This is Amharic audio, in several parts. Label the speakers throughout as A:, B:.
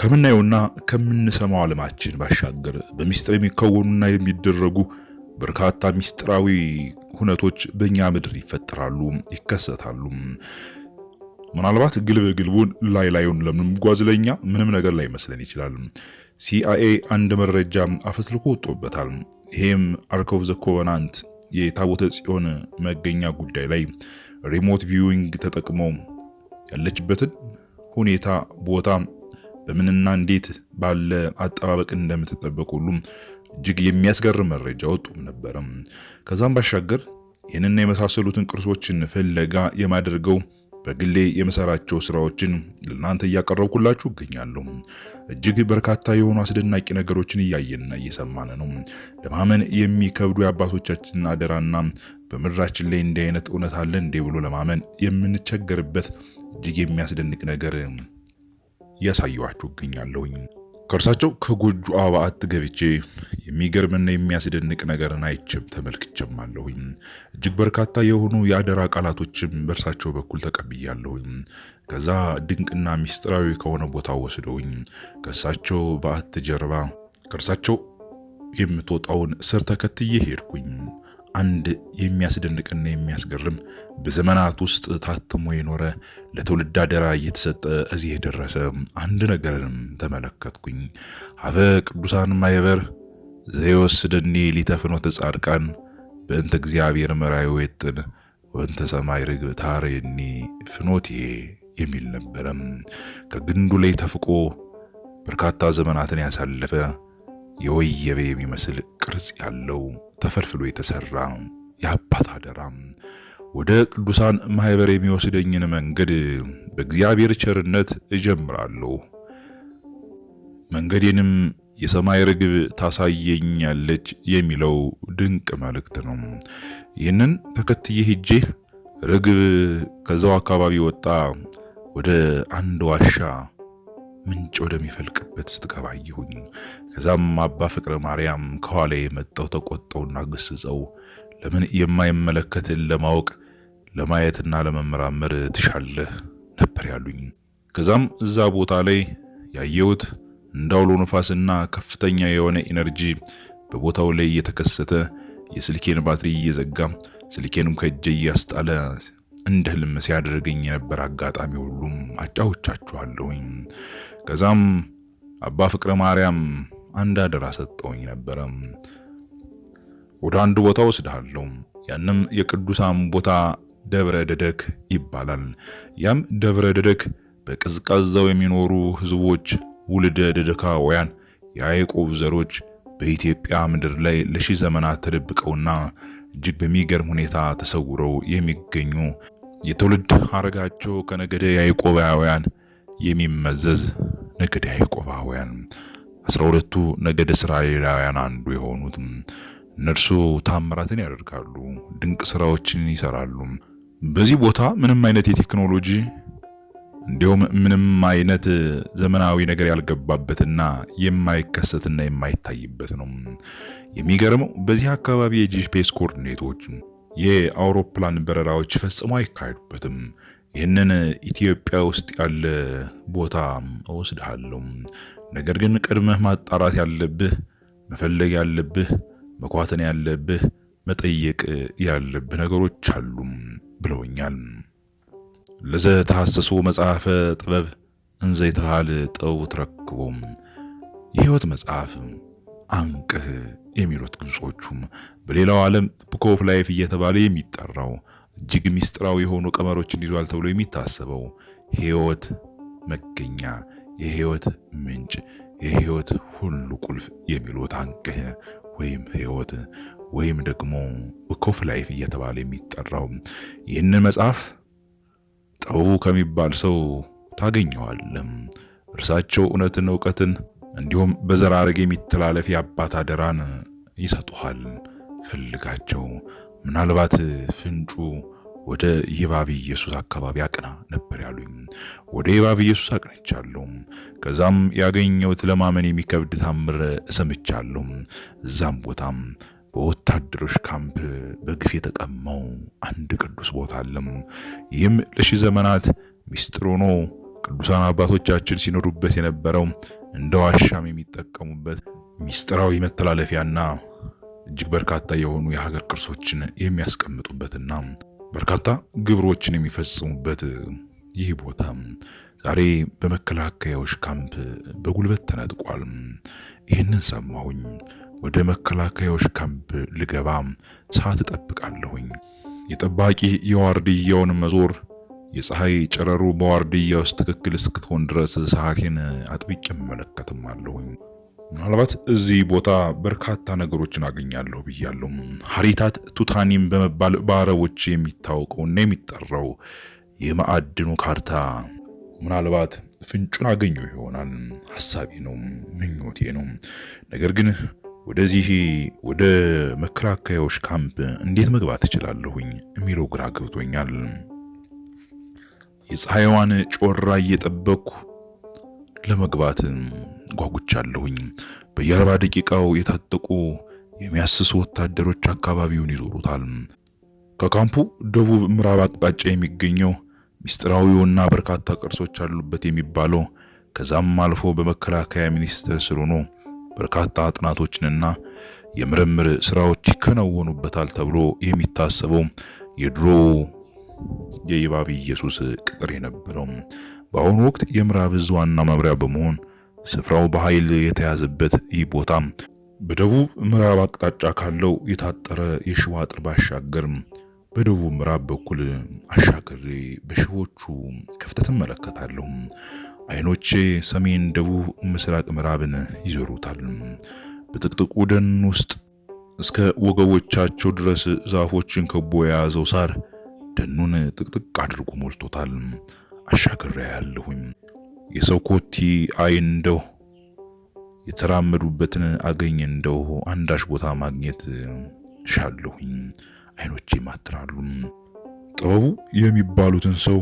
A: ከምናየውና ከምንሰማው ዓለማችን ባሻገር በሚስጥር የሚከወኑና የሚደረጉ በርካታ ሚስጥራዊ ሁነቶች በእኛ ምድር ይፈጠራሉ፣ ይከሰታሉ። ምናልባት ግልብ ግልቡን ላይ ላዩን ለምንጓዝ ለኛ ምንም ነገር ላይ መስለን ይችላል። ሲአይኤ አንድ መረጃ አፈትልኮ ወጥቶበታል። ይሄም አርክ ኦፍ ዘ ኮቨናንት የታቦተ ጽዮን መገኛ ጉዳይ ላይ ሪሞት ቪዊንግ ተጠቅመው ያለችበትን ሁኔታ ቦታ በምንና እንዴት ባለ አጠባበቅ እንደምትጠበቁ ሁሉ እጅግ የሚያስገርም መረጃ ወጡም ነበረም። ከዛም ባሻገር ይህንና የመሳሰሉትን ቅርሶችን ፍለጋ የማደርገው በግሌ የመሰራቸው ስራዎችን ለእናንተ እያቀረብኩላችሁ እገኛለሁ። እጅግ በርካታ የሆኑ አስደናቂ ነገሮችን እያየንና እየሰማን ነው። ለማመን የሚከብዱ የአባቶቻችን አደራና በምድራችን ላይ እንዲህ አይነት እውነት አለ እንዴ ብሎ ለማመን የምንቸገርበት እጅግ የሚያስደንቅ ነገር እያሳየኋችሁ እገኛለሁኝ። ከእርሳቸው ከጎጆ አበዓት ገብቼ የሚገርምና የሚያስደንቅ ነገርን አይቼም ተመልክቼም አለሁኝ። እጅግ በርካታ የሆኑ የአደራ ቃላቶችም በእርሳቸው በኩል ተቀብያለሁኝ። ከዛ ድንቅና ሚስጥራዊ ከሆነ ቦታ ወስደውኝ ከእርሳቸው በአት ጀርባ ከእርሳቸው የምትወጣውን ስር ተከትዬ ሄድኩኝ። አንድ የሚያስደንቅና የሚያስገርም በዘመናት ውስጥ ታትሞ የኖረ ለትውልድ አደራ እየተሰጠ እዚህ የደረሰ አንድ ነገርንም ተመለከትኩኝ። አበ ቅዱሳን ማይበር ዘይወስደኒ ሊተፍኖ ተጻድቃን በእንተ እግዚአብሔር መራዊ ወጥን ወእንተ ሰማይ ርግብ ታሬኒ ፍኖትዬ የሚል ነበረም። ከግንዱ ላይ ተፍቆ በርካታ ዘመናትን ያሳለፈ የወየበ የሚመስል ቅርጽ ያለው ተፈልፍሎ የተሰራ የአባት አደራም ወደ ቅዱሳን ማህበር የሚወስደኝን መንገድ በእግዚአብሔር ቸርነት እጀምራለሁ። መንገዴንም የሰማይ ርግብ ታሳየኛለች የሚለው ድንቅ መልእክት ነው። ይህንን ተከትዬ ሂጄ ርግብ ከዛው አካባቢ ወጣ ወደ አንድ ዋሻ ምንጭ ወደሚፈልቅበት ስትገባ አየሁኝ። ከዛም አባ ፍቅረ ማርያም ከኋላ የመጣው ተቆጠውና ግስጸው ለምን የማይመለከትን ለማወቅ ለማየትና ለመመራመር ትሻለህ ነበር ያሉኝ። ከዛም እዛ ቦታ ላይ ያየሁት እንዳውሎ ነፋስና ከፍተኛ የሆነ ኢነርጂ በቦታው ላይ እየተከሰተ የስልኬን ባትሪ እየዘጋ ስልኬንም ከእጄ እያስጣለ እንደ ህልም ሲያደርገኝ የነበር አጋጣሚ ሁሉም አጫውቻችኋለሁኝ። ከዛም አባ ፍቅረ ማርያም አንድ አደራ ሰጠውኝ ነበረ። ወደ አንድ ቦታ ወስድሃለሁ። ያንም የቅዱሳን ቦታ ደብረ ደደክ ይባላል። ያም ደብረ ደደክ በቀዝቃዛው የሚኖሩ ህዝቦች ውልደ ደደካውያን የያዕቆብ ዘሮች በኢትዮጵያ ምድር ላይ ለሺህ ዘመናት ተደብቀውና እጅግ በሚገርም ሁኔታ ተሰውረው የሚገኙ የትውልድ አረጋቸው ከነገደ ያዕቆባውያን የሚመዘዝ ነገደ ያዕቆባውያን አስራ ሁለቱ ነገደ እስራኤላውያን አንዱ የሆኑት እነርሱ ታምራትን ያደርጋሉ፣ ድንቅ ስራዎችን ይሰራሉ። በዚህ ቦታ ምንም አይነት የቴክኖሎጂ እንዲሁም ምንም አይነት ዘመናዊ ነገር ያልገባበትና የማይከሰትና የማይታይበት ነው። የሚገርመው በዚህ አካባቢ የጂፒኤስ ኮርዲኔቶች የአውሮፕላን በረራዎች ፈጽሞ አይካሄዱበትም። ይህንን ኢትዮጵያ ውስጥ ያለ ቦታ እወስድሃለሁ። ነገር ግን ቀድመህ ማጣራት ያለብህ፣ መፈለግ ያለብህ፣ መኳተን ያለብህ፣ መጠየቅ ያለብህ ነገሮች አሉ ብለውኛል። ለዘ ተሐሰሶ መጽሐፈ ጥበብ እንዘ ይትሃል ጠው ትረክቦ የህይወት መጽሐፍ አንቅህ የሚሉት ግብጾቹም በሌላው ዓለም ቡክ ኦፍ ላይፍ እየተባለ የሚጠራው እጅግ ሚስጥራዊ የሆኑ ቀመሮችን ይዟል ተብሎ የሚታሰበው ህይወት መገኛ፣ የህይወት ምንጭ፣ የህይወት ሁሉ ቁልፍ የሚሉት አንቀህ ወይም ህይወት ወይም ደግሞ ኮፍ ላይፍ እየተባለ የሚጠራው ይህንን መጽሐፍ ጠው ከሚባል ሰው ታገኘዋለም። እርሳቸው እውነትን፣ እውቀትን እንዲሁም በዘራረግ የሚተላለፍ የአባት አደራን ይሰጡሃል። ፈልጋቸው ምናልባት ፍንጩ ወደ ይባብ ኢየሱስ አካባቢ አቅና ነበር ያሉኝ። ወደ ይባብ ኢየሱስ አቅንቻለሁ። ከዛም ያገኘሁት ለማመን የሚከብድ ታምር እሰምቻለሁ። እዛም ቦታም በወታደሮች ካምፕ በግፍ የተቀማው አንድ ቅዱስ ቦታ አለም። ይህም ለሺ ዘመናት ሚስጥር ሆኖ ቅዱሳን አባቶቻችን ሲኖሩበት የነበረው እንደ ዋሻም የሚጠቀሙበት ሚስጥራዊ መተላለፊያና እጅግ በርካታ የሆኑ የሀገር ቅርሶችን የሚያስቀምጡበትና በርካታ ግብሮችን የሚፈጽሙበት ይህ ቦታ ዛሬ በመከላከያዎች ካምፕ በጉልበት ተነጥቋል። ይህንን ሰማሁኝ። ወደ መከላከያዎች ካምፕ ልገባ ሰዓት እጠብቃለሁኝ። የጠባቂ የዋርድያውን መዞር የፀሐይ ጨረሩ በዋርድያ ውስጥ ትክክል እስክትሆን ድረስ ሰዓቴን አጥብቄ እመለከትም አለሁኝ። ምናልባት እዚህ ቦታ በርካታ ነገሮችን አገኛለሁ ብያለሁ። ሀሪታት ቱታኒም በመባል በአረቦች የሚታወቀውና የሚጠራው የማዕድኑ ካርታ ምናልባት ፍንጩን አገኘው ይሆናል። ሀሳቤ ነው፣ ምኞቴ ነው። ነገር ግን ወደዚህ ወደ መከላከያዎች ካምፕ እንዴት መግባት እችላለሁኝ የሚለው ግራ ገብቶኛል። የፀሐይዋን ጮራ እየጠበቅኩ ለመግባት ጓጉቻለሁኝ። በየአርባ ደቂቃው የታጠቁ የሚያስሱ ወታደሮች አካባቢውን ይዞሩታል። ከካምፑ ደቡብ ምዕራብ አቅጣጫ የሚገኘው ሚስጥራዊውና በርካታ ቅርሶች አሉበት የሚባለው ከዛም አልፎ በመከላከያ ሚኒስቴር ስር ሆኖ በርካታ ጥናቶችንና የምርምር ስራዎች ይከናወኑበታል ተብሎ የሚታሰበው የድሮ የይባብ ኢየሱስ ቅጥር የነበረው በአሁኑ ወቅት የምዕራብ እዝ ዋና መምሪያ በመሆን ስፍራው በኃይል የተያዘበት ይህ ቦታ በደቡብ ምዕራብ አቅጣጫ ካለው የታጠረ የሽዋ አጥር ባሻገር በደቡብ ምዕራብ በኩል አሻገሬ በሽቦቹ ክፍተት እመለከታለሁ። አይኖቼ ሰሜን፣ ደቡብ፣ ምስራቅ፣ ምዕራብን ይዞሩታል። በጥቅጥቁ ደን ውስጥ እስከ ወገቦቻቸው ድረስ ዛፎችን ከቦ የያዘው ሳር ደኑን ጥቅጥቅ አድርጎ ሞልቶታል። አሻግሬ ያለሁኝ። የሰው ኮቲ አይ እንደው የተራመዱበትን አገኝ እንደው አንዳሽ ቦታ ማግኘት ሻለሁኝ። አይኖቼ ማትራሉ ጥበቡ የሚባሉትን ሰው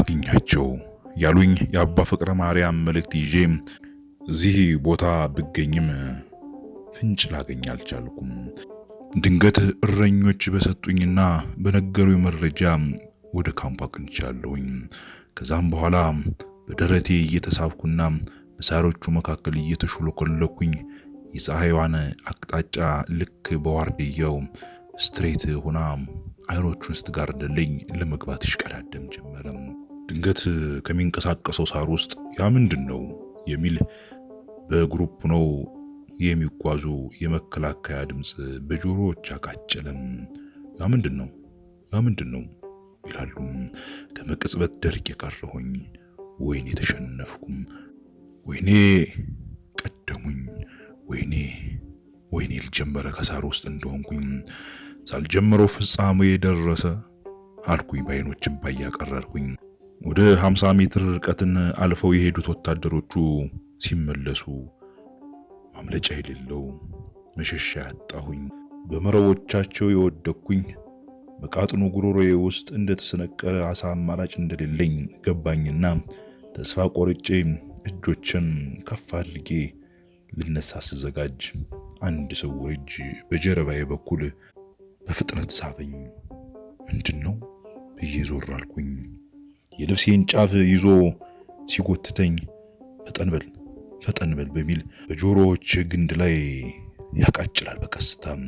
A: አግኛቸው ያሉኝ የአባ ፍቅረ ማርያም መልእክት ይዤ እዚህ ቦታ ብገኝም ፍንጭ ላገኝ አልቻልኩም። ድንገት እረኞች በሰጡኝና በነገሩ መረጃ ወደ ካምፑ አቅንቻለሁኝ። ከዛም በኋላ በደረቴ እየተሳብኩና በሳሮቹ መካከል እየተሹለኮለኩኝ የፀሐይዋን አቅጣጫ ልክ በዋርድያው ስትሬት ሆና አይኖቹን ስትጋርድልኝ ለመግባት ይሽቀዳደም ጀመረ። ድንገት ከሚንቀሳቀሰው ሳር ውስጥ ያ ምንድን ነው የሚል በግሩፕ ነው የሚጓዙ የመከላከያ ድምፅ በጆሮዎች አቃጨለም። ያ ምንድን ነው? ያ ምንድን ነው? ይላሉ። ከመቅጽበት ደርቅ የቀረሁኝ ወይኔ ተሸነፍኩም፣ ወይኔ ቀደሙኝ፣ ወይኔ ወይኔ ልጀመረ ከሳር ውስጥ እንደሆንኩኝ ሳልጀምረው ፍጻሜ የደረሰ አልኩኝ፣ በአይኖችን ባያቀረርኩኝ ወደ 50 ሜትር ርቀትን አልፈው የሄዱት ወታደሮቹ ሲመለሱ ማምለጫ የሌለው መሸሻ ያጣሁኝ፣ በመረቦቻቸው የወደኩኝ። በቃጥኑ ጉሮሮዬ ውስጥ እንደተሰነቀረ አሳ አማራጭ እንደሌለኝ ገባኝና ተስፋ ቆርጬ እጆችን ከፍ አድርጌ ልነሳ ስዘጋጅ አንድ ሰው እጅ በጀርባዬ በኩል በፍጥነት ሳበኝ። ምንድን ነው ብዬ ዞር አልኩኝ። የልብሴን ጫፍ ይዞ ሲጎትተኝ ፈጠን በል ፈጠን በል በሚል በጆሮዎች ግንድ ላይ ያቃጭላል በቀስታም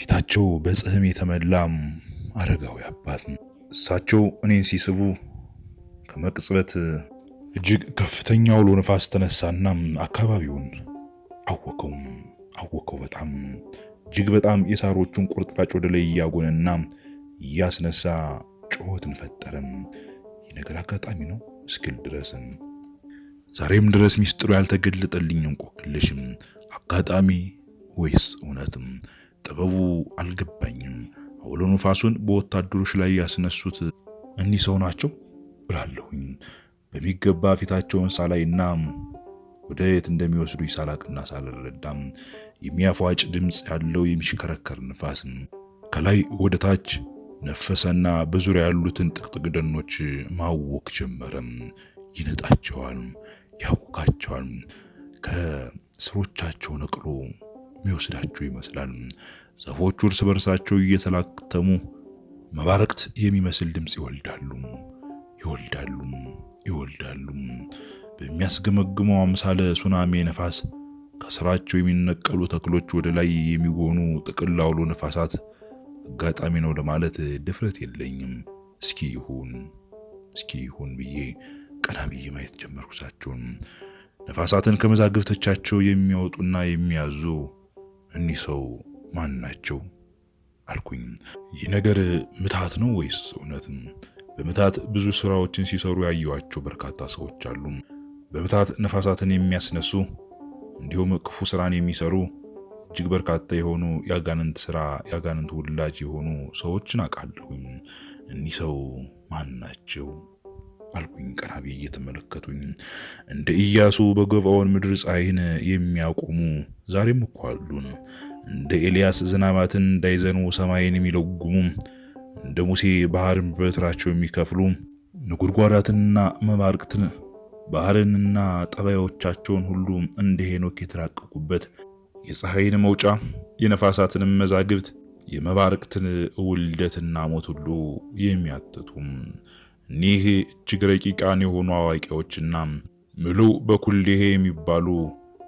A: ፊታቸው በጽህም የተመላም አረጋዊ አባት ነው። እሳቸው እኔን ሲስቡ ከመቅጽበት እጅግ ከፍተኛ አውሎ ነፋስ ተነሳና አካባቢውን አወከውም አወከው በጣም እጅግ በጣም የሳሮቹን ቁርጥራጭ ወደ ላይ እያጎነና እያስነሳ ጩኸትን ፈጠረም። ይህ ነገር አጋጣሚ ነው እስክል ድረስም ዛሬም ድረስ ሚስጥሩ ያልተገለጠልኝ እንቆቅልሽም አጋጣሚ ወይስ እውነትም ጥበቡ አልገባኝም። አውሎ ነፋሱን በወታደሮች ላይ ያስነሱት እኒህ ሰው ናቸው ብላለሁኝ። በሚገባ ፊታቸውን ሳላይና ወደ የት እንደሚወስዱ ሳላቅና ሳልረዳም የሚያፏጭ ድምፅ ያለው የሚሽከረከር ንፋስ ከላይ ወደ ታች ነፈሰና በዙሪያ ያሉትን ጥቅጥቅ ደኖች ማወክ ጀመረም። ይነጣቸዋል፣ ያውካቸዋል፣ ከስሮቻቸው ነቅሎ የሚወስዳቸው ይመስላል። ዛፎቹ እርስ በርሳቸው እየተላተሙ መባረቅት የሚመስል ድምፅ ይወልዳሉ ይወልዳሉ ይወልዳሉ። በሚያስገመግመው አምሳለ ሱናሜ ነፋስ ከስራቸው የሚነቀሉ ተክሎች ወደ ላይ የሚጎኑ ጥቅል አውሎ ነፋሳት አጋጣሚ ነው ለማለት ድፍረት የለኝም። እስኪ ይሁን እስኪ ይሁን ብዬ ቀና ብዬ ማየት ጀመርኩሳቸውን ነፋሳትን ከመዛግብቶቻቸው የሚያወጡና የሚያዙ እኒህ ሰው ማን ናቸው አልኩኝ። ይህ ነገር ምታት ነው ወይስ እውነት? በምታት ብዙ ስራዎችን ሲሰሩ ያየዋቸው በርካታ ሰዎች አሉ። በምታት ነፋሳትን የሚያስነሱ እንዲሁም ክፉ ስራን የሚሰሩ እጅግ በርካታ የሆኑ የአጋንንት ስራ የአጋንንት ውላጅ የሆኑ ሰዎችን አውቃለሁኝ። እኒህ ሰው ማን ናቸው አልኩኝ። ቀና ብዬ እየተመለከቱኝ እንደ ኢያሱ በገባዖን ምድር ፀሐይን የሚያቆሙ ዛሬም እኮ አሉን። እንደ ኤልያስ ዝናባትን እንዳይዘኑ ሰማይን የሚለጉሙ እንደ ሙሴ ባህርን በበትራቸው የሚከፍሉ ነጎድጓዳትንና መባርቅትን ባህርንና ጠባዮቻቸውን ሁሉ እንደ ሄኖክ የተራቀቁበት የፀሐይን መውጫ የነፋሳትንም መዛግብት የመባርቅትን ውልደትና ሞት ሁሉ የሚያትቱም እኒህ እጅግ ረቂቃን የሆኑ አዋቂዎችና ምሉ በኩሌሄ የሚባሉ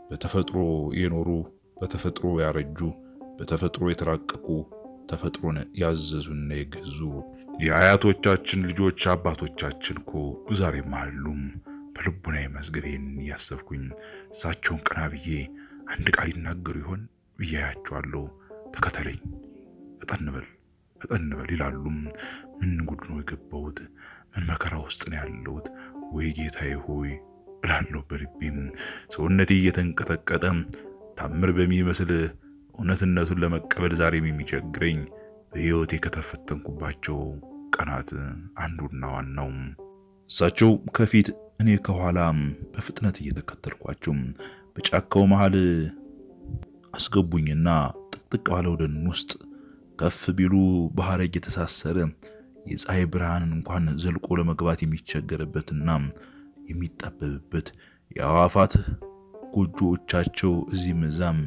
A: በተፈጥሮ የኖሩ በተፈጥሮ ያረጁ በተፈጥሮ የተራቀቁ ተፈጥሮን ያዘዙና የገዙ የአያቶቻችን ልጆች አባቶቻችን እኮ ዛሬም አሉም። በልቡናዬ መዝገቤን እያሰብኩኝ እሳቸውን ቀና ብዬ አንድ ቃል ይናገሩ ይሆን ብያያቸዋለሁ። ተከተለኝ፣ ፈጠን በል ፈጠን በል ይላሉም። ምን ጉድ ነው የገባሁት? ምን መከራ ውስጥ ነው ያለሁት? ወይ ጌታዬ ሆይ እላለሁ በልቤም። ሰውነቴ እየተንቀጠቀጠ ታምር በሚመስል እውነትነቱን ለመቀበል ዛሬም የሚቸግረኝ በሕይወቴ ከተፈተንኩባቸው ቀናት አንዱና ዋናው እሳቸው ከፊት እኔ ከኋላ በፍጥነት እየተከተልኳቸው በጫካው መሃል አስገቡኝና ጥቅጥቅ ባለው ደን ውስጥ ከፍ ቢሉ ባህረግ የተሳሰረ የፀሐይ ብርሃንን እንኳን ዘልቆ ለመግባት የሚቸገርበትና የሚጣበብበት የአዋፋት ጎጆዎቻቸው እዚህ መዛም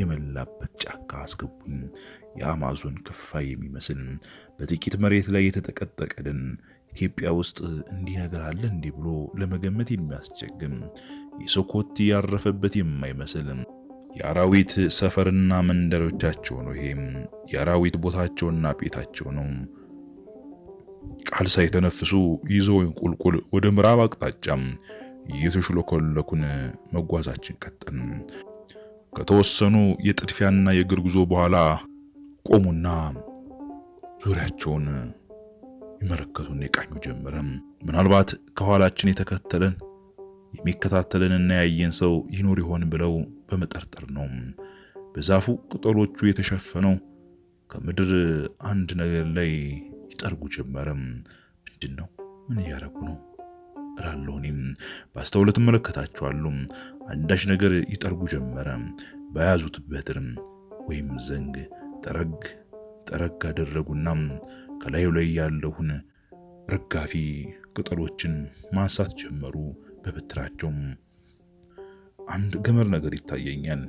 A: የመላበት ጫካ አስገቡኝ። የአማዞን ክፋይ የሚመስል በጥቂት መሬት ላይ የተጠቀጠቀ ደን ኢትዮጵያ ውስጥ እንዲህ ነገር አለ እንዲህ ብሎ ለመገመት የሚያስቸግም የሶኮት ያረፈበት የማይመስል የአራዊት ሰፈርና መንደሮቻቸው ነው። ይሄም የአራዊት ቦታቸውና ቤታቸው ነው። ቃል ሳይተነፍሱ ይዘውን ቁልቁል ወደ ምዕራብ አቅጣጫም እየተሽሎኮለኩን መጓዛችን ቀጠን። ከተወሰኑ የጥድፊያና የእግር ጉዞ በኋላ ቆሙና ዙሪያቸውን ይመለከቱን የቃኙ ጀመረም። ምናልባት ከኋላችን የተከተለን የሚከታተለንና ያየን ሰው ይኖር ይሆን ብለው በመጠርጠር ነው። በዛፉ ቅጠሎቹ የተሸፈነው ከምድር አንድ ነገር ላይ ይጠርጉ ጀመረ ምንድን ነው? ምን እያረጉ ነው እላለሁ። እኔም በአስተውሎት እመለከታቸዋለሁ። አንዳች ነገር ይጠርጉ ጀመረ። በያዙት በትር ወይም ዘንግ ጠረግ ጠረግ አደረጉና ከላዩ ላይ ያለውን ረጋፊ ቅጠሎችን ማንሳት ጀመሩ በበትራቸውም። አንድ ገመድ ነገር ይታየኛል።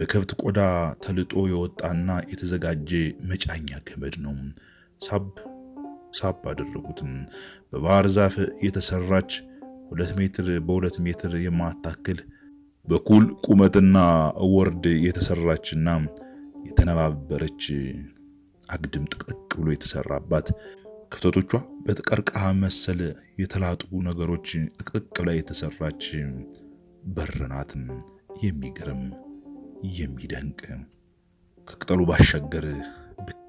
A: በከብት ቆዳ ተልጦ የወጣና የተዘጋጀ መጫኛ ገመድ ነው። ሳብ ሳብ አደረጉትም። በባህር ዛፍ የተሰራች ሁለት ሜትር በሁለት ሜትር የማታክል በኩል ቁመትና ወርድ የተሰራችና የተነባበረች አግድም ጥቅጥቅ ብሎ የተሰራባት ክፍተቶቿ በጥቀርቃ መሰል የተላጡ ነገሮች ጥቅጥቅ ላይ የተሰራች በርናት የሚገርም የሚደንቅ ከቅጠሉ ባሻገር ብቅ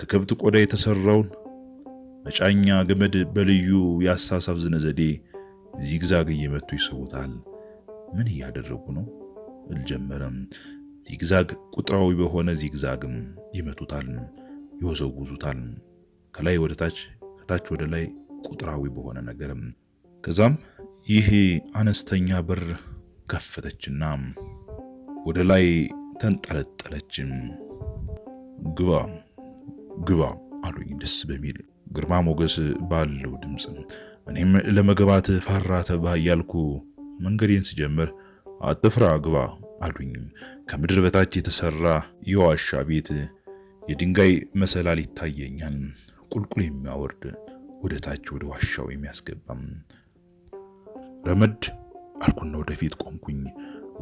A: ከከብት ቆዳ የተሰራውን መጫኛ ገመድ በልዩ የአሳሳብ ዝነዘዴ ዘዴ ዚግዛግ እየመቱ ይስቡታል። ምን እያደረጉ ነው? አልጀመረም። ዚግዛግ ቁጥራዊ በሆነ ዚግዛግም ይመቱታል፣ ይወዘውዙታል። ከላይ ወደ ታች፣ ከታች ወደ ላይ ቁጥራዊ በሆነ ነገርም። ከዛም ይህ አነስተኛ በር ከፈተችና ወደ ላይ ተንጠለጠለችም። ግባ ግባ አሉኝ ደስ በሚል ግርማ ሞገስ ባለው ድምፅ። እኔም ለመግባት ፈራ ተባ እያልኩ መንገዴን ስጀምር አትፍራ ግባ አሉኝ። ከምድር በታች የተሰራ የዋሻ ቤት የድንጋይ መሰላል ይታየኛል፣ ቁልቁል የሚያወርድ ወደ ታች ወደ ዋሻው የሚያስገባም። ረመድ አልኩና ወደፊት ቆምኩኝ።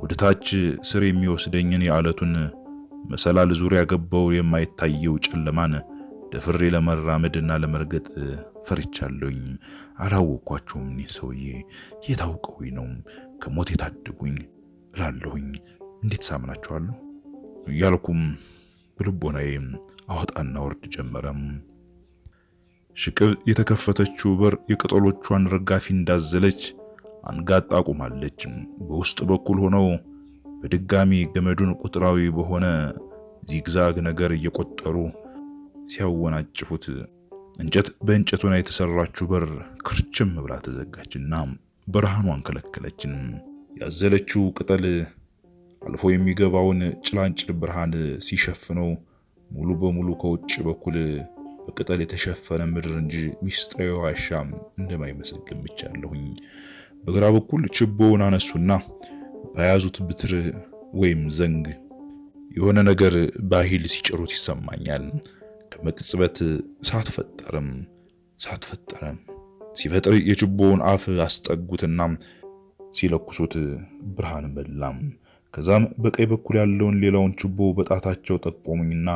A: ወደ ታች ስር የሚወስደኝን የዓለቱን መሰላል ዙሪያ ገባው የማይታየው ጨለማን ደፍሬ ለመራመድና ለመርገጥ ፈርቻለሁኝ። አላወቅኳቸውም። እኔ ሰውዬ የታውቀውኝ ነው ከሞት የታደጉኝ እላለሁኝ። እንዴት ሳምናቸዋለሁ እያልኩም በልቦናዬ አወጣና ወርድ ጀመረም። ሽቅብ የተከፈተችው በር የቅጠሎቿን ረጋፊ እንዳዘለች አንጋጣ አቁማለች። በውስጥ በኩል ሆነው በድጋሚ ገመዱን ቁጥራዊ በሆነ ዚግዛግ ነገር እየቆጠሩ ሲያወናጭፉት እንጨት በእንጨቱና የተሰራችው በር ክርችም ብላ ተዘጋችና ብርሃኗን ከለከለችን። ያዘለችው ቅጠል አልፎ የሚገባውን ጭላንጭል ብርሃን ሲሸፍነው ሙሉ በሙሉ ከውጭ በኩል በቅጠል የተሸፈነ ምድር እንጂ ሚስጥራዊ ዋሻ እንደማይመስል ገምቻለሁኝ። በግራ በኩል ችቦውን አነሱና በያዙት ብትር ወይም ዘንግ የሆነ ነገር በኃይል ሲጭሩት ይሰማኛል። ከመቅጽበት ሳትፈጠርም ሳትፈጠረም ሲፈጥር የችቦውን አፍ አስጠጉትና ሲለኩሱት ብርሃን በላም። ከዛም በቀኝ በኩል ያለውን ሌላውን ችቦ በጣታቸው ጠቆሙኝና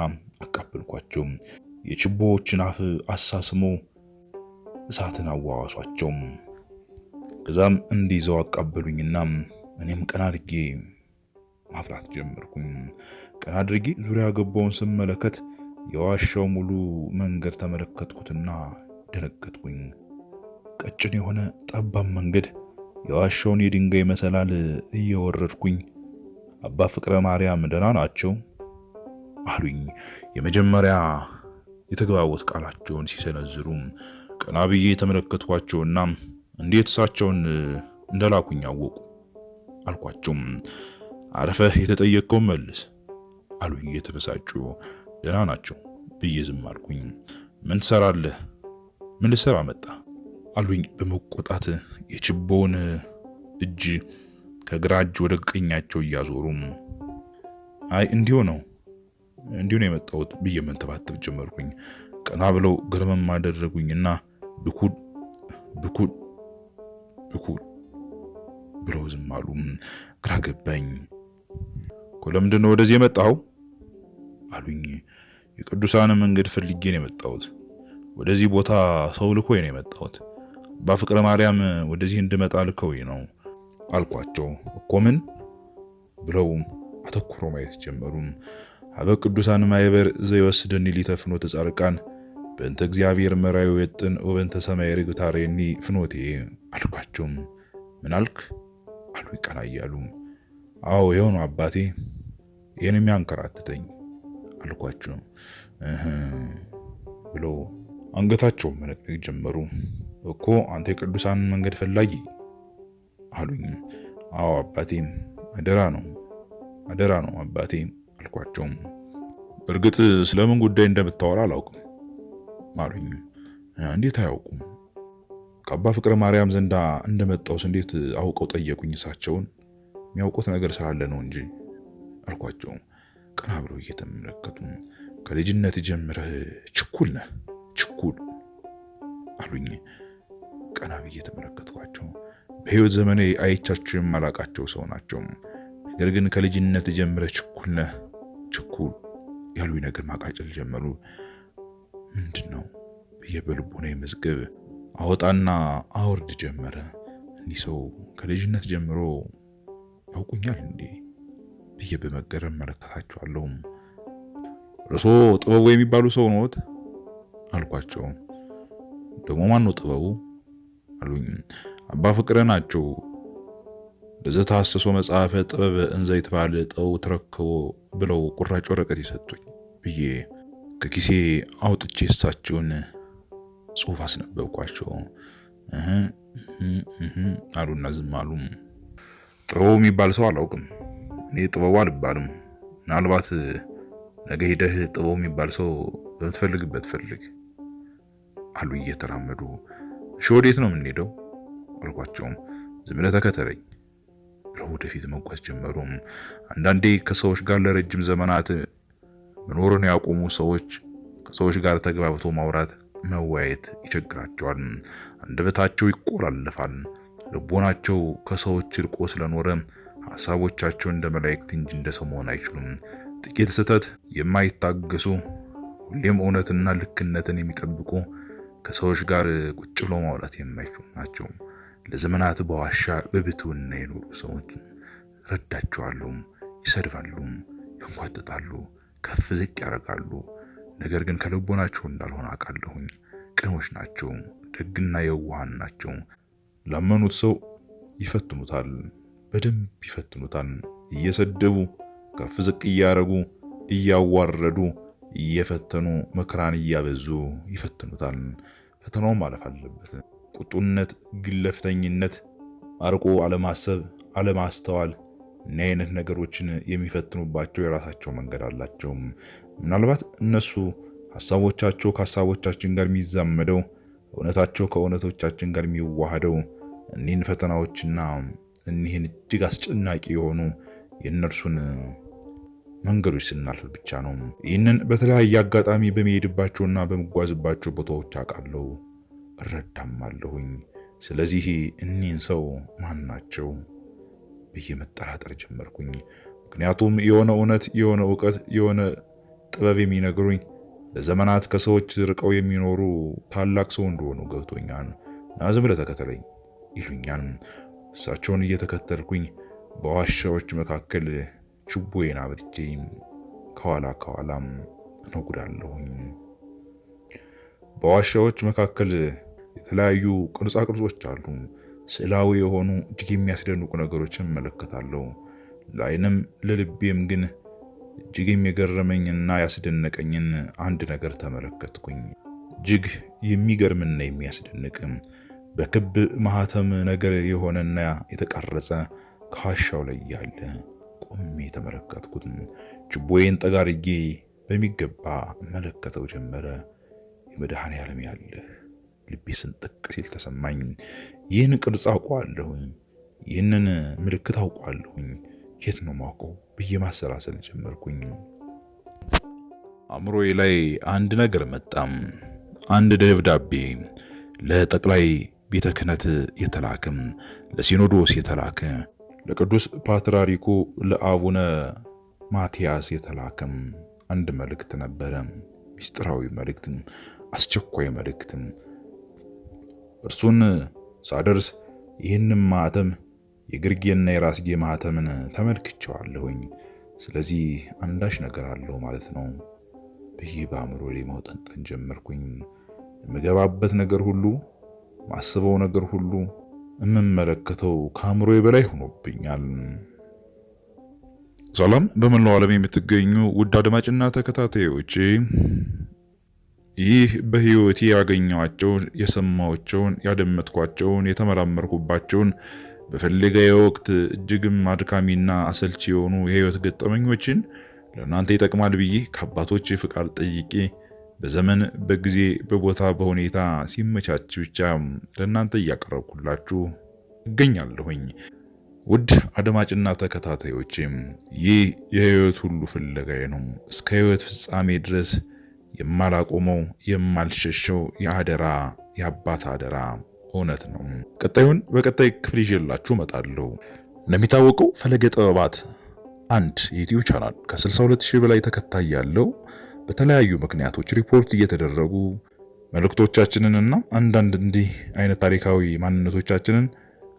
A: አቃበልኳቸው። የችቦዎችን አፍ አሳስሞ እሳትን አዋዋሷቸው። ከዛም እንዲይዘው አቃበሉኝና እኔም ቀና አድርጌ ማፍራት ጀመርኩኝ። ቀና አድርጌ ዙሪያ ገባውን ስመለከት የዋሻው ሙሉ መንገድ ተመለከትኩትና ደነገጥኩኝ። ቀጭን የሆነ ጠባብ መንገድ የዋሻውን የድንጋይ መሰላል እየወረድኩኝ አባ ፍቅረ ማርያም ደህና ናቸው አሉኝ። የመጀመሪያ የተግባቦት ቃላቸውን ሲሰነዝሩ ቀና ብዬ የተመለከትኳቸውና እንዴት እሳቸውን እንደላኩኝ አወቁ። አልኳቸውም አረፈህ የተጠየቅከውን መልስ አሉኝ እየተበሳጩ። ደህና ናቸው ብዬ ዝም አልኩኝ። ምን ትሰራለህ? ምን ልሰራ መጣ አሉኝ በመቆጣት የችቦውን እጅ ከግራ እጅ ወደ ቀኛቸው እያዞሩም አይ እንዲሁ ነው እንዲሁ ነው የመጣሁት ብዬ መንተባተብ ጀመርኩኝ። ቀና ብለው ግርመም አደረጉኝና ብኩድ ብኩድ ብኩድ ብለው ዝም አሉ። ግራ ገባኝ። እኮ ለምንድን ነው ወደዚህ የመጣው አሉኝ። የቅዱሳን መንገድ ፈልጌ ነው የመጣሁት። ወደዚህ ቦታ ሰው ልኮ ነው የመጣሁት። በፍቅረ ማርያም ወደዚህ እንድመጣ ልከውኝ ነው አልኳቸው። እኮ ምን ብለው አተኩሮ ማየት ጀመሩም። አበ ቅዱሳን ማይበር ዘይወስደኒ ሊተፍኖ ተጻርቃን በእንተ እግዚአብሔር መራዊ የጥን ወበንተ ሰማይ ርግታሬኒ ፍኖቴ አልኳቸውም። ምን አልክ አሉ ይቀላያሉ አዎ የሆኑ አባቴ ይህን የሚያንከራትተኝ አልኳቸው ብሎ አንገታቸውን መነቅነቅ ጀመሩ። እኮ አንተ የቅዱሳን መንገድ ፈላጊ አሉኝ። አዎ አባቴ አደራ ነው አደራ ነው አባቴ አልኳቸውም። እርግጥ ስለምን ጉዳይ እንደምታወራ አላውቅም አሉኝ። እንዴት አያውቁም ከአባ ፍቅረ ማርያም ዘንዳ እንደመጣውስ እንዴት አውቀው ጠየቁኝ። እሳቸውን የሚያውቁት ነገር ስላለ ነው እንጂ አልኳቸው፣ ቀና ብለው እየተመለከቱ ከልጅነት ጀምረህ ችኩል ነህ ችኩል አሉኝ። ቀና ብዬ እየተመለከትኳቸው በህይወት ዘመኔ አይቻቸው የማላቃቸው ሰው ናቸው። ነገር ግን ከልጅነት ጀምረህ ችኩል ነህ ችኩል ያሉኝ ነገር ማቃጨል ጀመሩ። ምንድን ነው ብዬ በልቦና መዝገብ አወጣና አውርድ ጀመረ። እኒህ ሰው ከልጅነት ጀምሮ ያውቁኛል እንዴ ብዬ በመገረም መለከታቸዋለሁም። እርሶ ጥበቡ የሚባሉ ሰው ነዎት አልኳቸው። ደግሞ ማን ነው ጥበቡ አሉኝ። አባ ፍቅረ ናቸው በዚህ መጽሐፈ ጥበብ እንዘ የተባለ ጠው ተረክቦ ብለው ቁራጭ ወረቀት የሰጡኝ ብዬ ከኪሴ አውጥቼ እሳቸውን ጽሁፍ አስነበብኳቸው። አሉና ዝም አሉ። ጥበቡ የሚባል ሰው አላውቅም። እኔ ጥበቡ አልባልም። ምናልባት ነገ ሂደህ ጥበቡ የሚባል ሰው በምትፈልግበት ፈልግ አሉ እየተራመዱ። እሺ ወዴት ነው የምንሄደው? አልኳቸውም። ዝም ብለህ ተከተለኝ ብለው ወደፊት መጓዝ ጀመሩም አንዳንዴ ከሰዎች ጋር ለረጅም ዘመናት መኖርን ያቆሙ ሰዎች ከሰዎች ጋር ተግባብቶ ማውራት መወያየት ይቸግራቸዋል። አንደበታቸው ይቆላለፋል። ልቦናቸው ከሰዎች ርቆ ስለኖረ ሀሳቦቻቸው እንደ መላእክት እንጂ እንደ ሰው መሆን አይችሉም። ጥቂት ስህተት የማይታገሱ ሁሌም እውነትና ልክነትን የሚጠብቁ ከሰዎች ጋር ቁጭ ብሎ ማውራት የማይችሉ ናቸው። ለዘመናት በዋሻ በብትውና የኖሩ ሰዎች ረዳቸዋሉ፣ ይሰድባሉ፣ ያንጓጥጣሉ፣ ከፍ ዝቅ ያደርጋሉ። ነገር ግን ከልቦናቸው እንዳልሆነ አውቃለሁኝ። ቅኖች ናቸው፣ ደግና የዋሃን ናቸው። ላመኑት ሰው ይፈትኑታል፣ በደንብ ይፈትኑታል። እየሰደቡ ከፍ ዝቅ እያረጉ እያዋረዱ እየፈተኑ መከራን እያበዙ ይፈትኑታል። ፈተናው ማለፍ አለበት። ቁጡነት፣ ግለፍተኝነት፣ አርቆ አለማሰብ፣ አለማስተዋል እና አይነት ነገሮችን የሚፈትኑባቸው የራሳቸው መንገድ አላቸው። ምናልባት እነሱ ሀሳቦቻቸው ከሀሳቦቻችን ጋር የሚዛመደው፣ እውነታቸው ከእውነቶቻችን ጋር የሚዋሃደው እኒህን ፈተናዎችና እኒህን እጅግ አስጨናቂ የሆኑ የእነርሱን መንገዶች ስናልፍ ብቻ ነው። ይህንን በተለያየ አጋጣሚ በሚሄድባቸውና በምጓዝባቸው ቦታዎች አውቃለሁ፣ እረዳማለሁኝ። ስለዚህ እኒህን ሰው ማን ናቸው? ብዬ መጠራጠር ጀመርኩኝ። ምክንያቱም የሆነ እውነት፣ የሆነ እውቀት፣ የሆነ ጥበብ የሚነግሩኝ ለዘመናት ከሰዎች ርቀው የሚኖሩ ታላቅ ሰው እንደሆኑ ገብቶኛል። ና ዝም ብለህ ተከተለኝ ይሉኛል። እሳቸውን እየተከተልኩኝ በዋሻዎች መካከል ችቦዬን አብርቼ ከኋላ ከኋላም እነጉዳለሁኝ። በዋሻዎች መካከል የተለያዩ ቅርጻ ቅርጾች አሉ። ስዕላዊ የሆኑ እጅግ የሚያስደንቁ ነገሮችን እመለከታለሁ። ለዓይንም ለልቤም ግን እጅግ የገረመኝና ያስደነቀኝን አንድ ነገር ተመለከትኩኝ። እጅግ የሚገርምና የሚያስደንቅም በክብ ማህተም ነገር የሆነና የተቀረጸ ከአሻው ላይ ያለ ቆሜ ተመለከትኩት። ችቦዬን ጠጋርጌ በሚገባ መለከተው ጀመረ። የመድኃኔ ዓለም ያለህ ልቤ ስንጥቅ ሲል ተሰማኝ። ይህን ቅርጽ አውቀዋለሁኝ፣ ይህንን ምልክት አውቀዋለሁኝ፣ የት ነው ማውቀው ብዬ ማሰላሰል ጀመርኩኝ። አእምሮዬ ላይ አንድ ነገር መጣም። አንድ ደብዳቤ ለጠቅላይ ቤተ ክህነት የተላከም፣ ለሲኖዶስ የተላከ፣ ለቅዱስ ፓትርያርኩ ለአቡነ ማቲያስ የተላከም አንድ መልእክት ነበረ። ሚስጥራዊ መልእክትም፣ አስቸኳይ መልእክትም እርሱን ሳደርስ ይህንም ማኅተም የግርጌና የራስጌ ማኅተምን ተመልክቸዋለሁኝ። ስለዚህ አንዳች ነገር አለው ማለት ነው ብዬ በአእምሮ ላይ ማውጠንጠን ጀመርኩኝ። የምገባበት ነገር ሁሉ፣ ማስበው ነገር ሁሉ፣ የምመለከተው ከአእምሮ በላይ ሆኖብኛል። ሰላም በመላው ዓለም የምትገኙ ውድ አድማጭና ተከታታዮቼ ይህ በህይወቴ ያገኘኋቸውን፣ የሰማኋቸውን፣ ያደመጥኳቸውን፣ የተመራመርኩባቸውን በፍለጋዬ ወቅት እጅግም አድካሚና አሰልቺ የሆኑ የህይወት ገጠመኞችን ለእናንተ ይጠቅማል ብዬ ከአባቶች ፍቃድ ጠይቄ በዘመን በጊዜ በቦታ በሁኔታ ሲመቻች ብቻ ለእናንተ እያቀረብኩላችሁ እገኛለሁኝ። ውድ አድማጭና ተከታታዮች ይህ የህይወት ሁሉ ፍለጋዬ ነው። እስከ ህይወት ፍጻሜ ድረስ የማላቆመው የማልሸሸው የአደራ የአባት አደራ እውነት ነው። ቀጣዩን በቀጣይ ክፍል ይዤላችሁ እመጣለሁ። እንደሚታወቀው ፈለገ ጥበባት አንድ የዩቲዩብ ቻናል ከ62 ሺህ በላይ ተከታይ ያለው በተለያዩ ምክንያቶች ሪፖርት እየተደረጉ መልእክቶቻችንን እና አንዳንድ እንዲህ አይነት ታሪካዊ ማንነቶቻችንን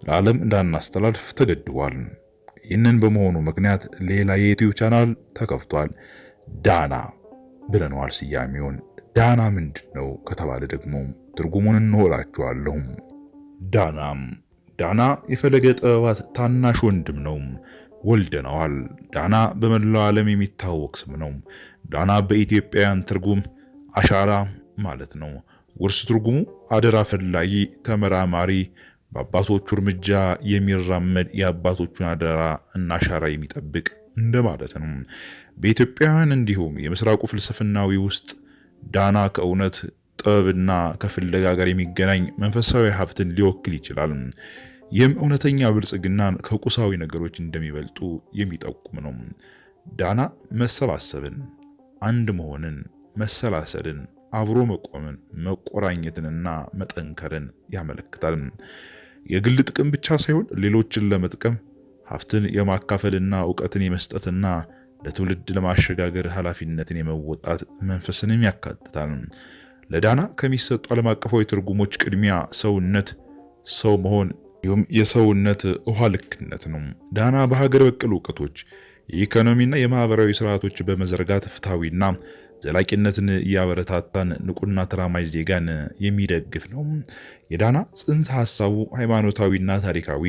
A: ለዓለም እንዳናስተላልፍ ተገድቧል። ይህንን በመሆኑ ምክንያት ሌላ የዩቲዩብ ቻናል ተከፍቷል ዳና ብለነዋል። ስያሜውን ዳና ምንድን ነው ከተባለ ደግሞ ትርጉሙን እንሆላችኋለሁም። ዳናም ዳና የፈለገ ጥበባት ታናሽ ወንድም ነው። ወልደነዋል። ዳና በመላው ዓለም የሚታወቅ ስም ነው። ዳና በኢትዮጵያውያን ትርጉም አሻራ ማለት ነው። ውርስ ትርጉሙ አደራ ፈላጊ፣ ተመራማሪ፣ በአባቶቹ እርምጃ የሚራመድ የአባቶቹን አደራ እና አሻራ የሚጠብቅ እንደማለት ነው። በኢትዮጵያውያን እንዲሁም የምስራቁ ፍልስፍናዊ ውስጥ ዳና ከእውነት ጥበብና ከፍለጋ ጋር የሚገናኝ መንፈሳዊ ሀብትን ሊወክል ይችላል። ይህም እውነተኛ ብልጽግናን ከቁሳዊ ነገሮች እንደሚበልጡ የሚጠቁም ነው። ዳና መሰባሰብን፣ አንድ መሆንን፣ መሰላሰልን፣ አብሮ መቆምን፣ መቆራኘትንና መጠንከርን ያመለክታል። የግል ጥቅም ብቻ ሳይሆን ሌሎችን ለመጥቀም ሀብትን የማካፈልና እውቀትን የመስጠትና ለትውልድ ለማሸጋገር ኃላፊነትን የመወጣት መንፈስንም ያካትታል። ለዳና ከሚሰጡ ዓለም አቀፋዊ ትርጉሞች ቅድሚያ ሰውነት፣ ሰው መሆን እንዲሁም የሰውነት ውሃ ልክነት ነው። ዳና በሀገር በቀል እውቀቶች የኢኮኖሚና የማህበራዊ ስርዓቶች በመዘርጋት ፍትሐዊና ዘላቂነትን እያበረታታን ንቁና ተራማጅ ዜጋን የሚደግፍ ነው። የዳና ጽንሰ ሐሳቡ ሃይማኖታዊና ታሪካዊ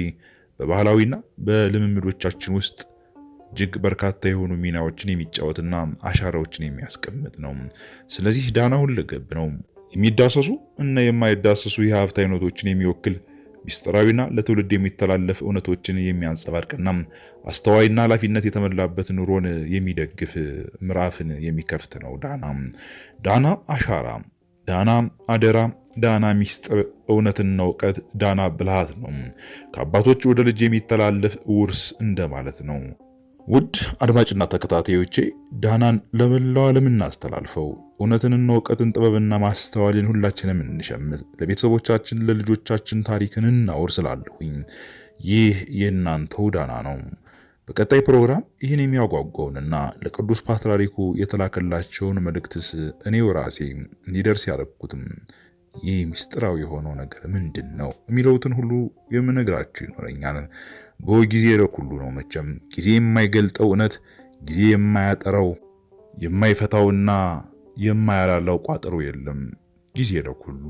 A: በባህላዊና በልምምዶቻችን ውስጥ እጅግ በርካታ የሆኑ ሚናዎችን የሚጫወትና አሻራዎችን የሚያስቀምጥ ነው። ስለዚህ ዳና ሁለገብ ነው። የሚዳሰሱ እና የማይዳሰሱ የሀብት አይነቶችን የሚወክል ሚስጥራዊና ለትውልድ የሚተላለፍ እውነቶችን የሚያንጸባርቅና አስተዋይና ኃላፊነት የተሞላበት ኑሮን የሚደግፍ ምዕራፍን የሚከፍት ነው። ዳና ዳና አሻራ፣ ዳና አደራ፣ ዳና ሚስጥር፣ እውነትና እውቀት፣ ዳና ብልሃት ነው። ከአባቶች ወደ ልጅ የሚተላለፍ ውርስ እንደማለት ነው። ውድ አድማጭና ተከታታዮቼ ዳናን ለመላው ዓለም እናስተላልፈው። እውነትንና እውቀትን ጥበብና ማስተዋልን ሁላችንም እንሸምት፣ ለቤተሰቦቻችን ለልጆቻችን ታሪክን እናውር ስላለሁኝ ይህ የእናንተው ዳና ነው። በቀጣይ ፕሮግራም ይህን የሚያጓጓውንና ለቅዱስ ፓትርያርኩ የተላከላቸውን መልእክትስ እኔው ራሴ እንዲደርስ ያደረግኩትም ይህ ምስጢራዊ የሆነው ነገር ምንድን ነው የሚለውትን ሁሉ የምነግራችሁ ይኖረኛል። በጊዜ ለኩሉ ነው መቼም ጊዜ የማይገልጠው እውነት፣ ጊዜ የማያጠረው የማይፈታውና የማያላላው ቋጠሮ የለም። ጊዜ ለኩሉ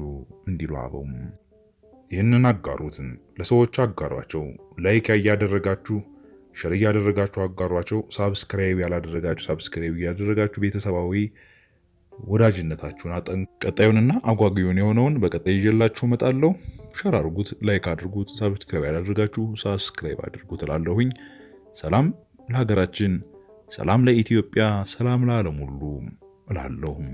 A: እንዲሉ አበውም ይህንን አጋሩትን ለሰዎች አጋሯቸው። ላይክ እያደረጋችሁ ሸር እያደረጋችሁ አጋሯቸው። ሳብስክራይብ ያላደረጋችሁ ሳብስክራይብ እያደረጋችሁ ቤተሰባዊ ወዳጅነታችሁን አጠን ቀጣዩንና አጓጊውን የሆነውን በቀጣይ ይዤላችሁ እመጣለሁ። ሸር አድርጉት፣ ላይክ አድርጉት፣ ሳብስክራይብ ያላደርጋችሁ ሳብስክራይብ አድርጉት እላለሁኝ። ሰላም ለሀገራችን፣ ሰላም ለኢትዮጵያ፣ ሰላም ለዓለም ሁሉ እላለሁም።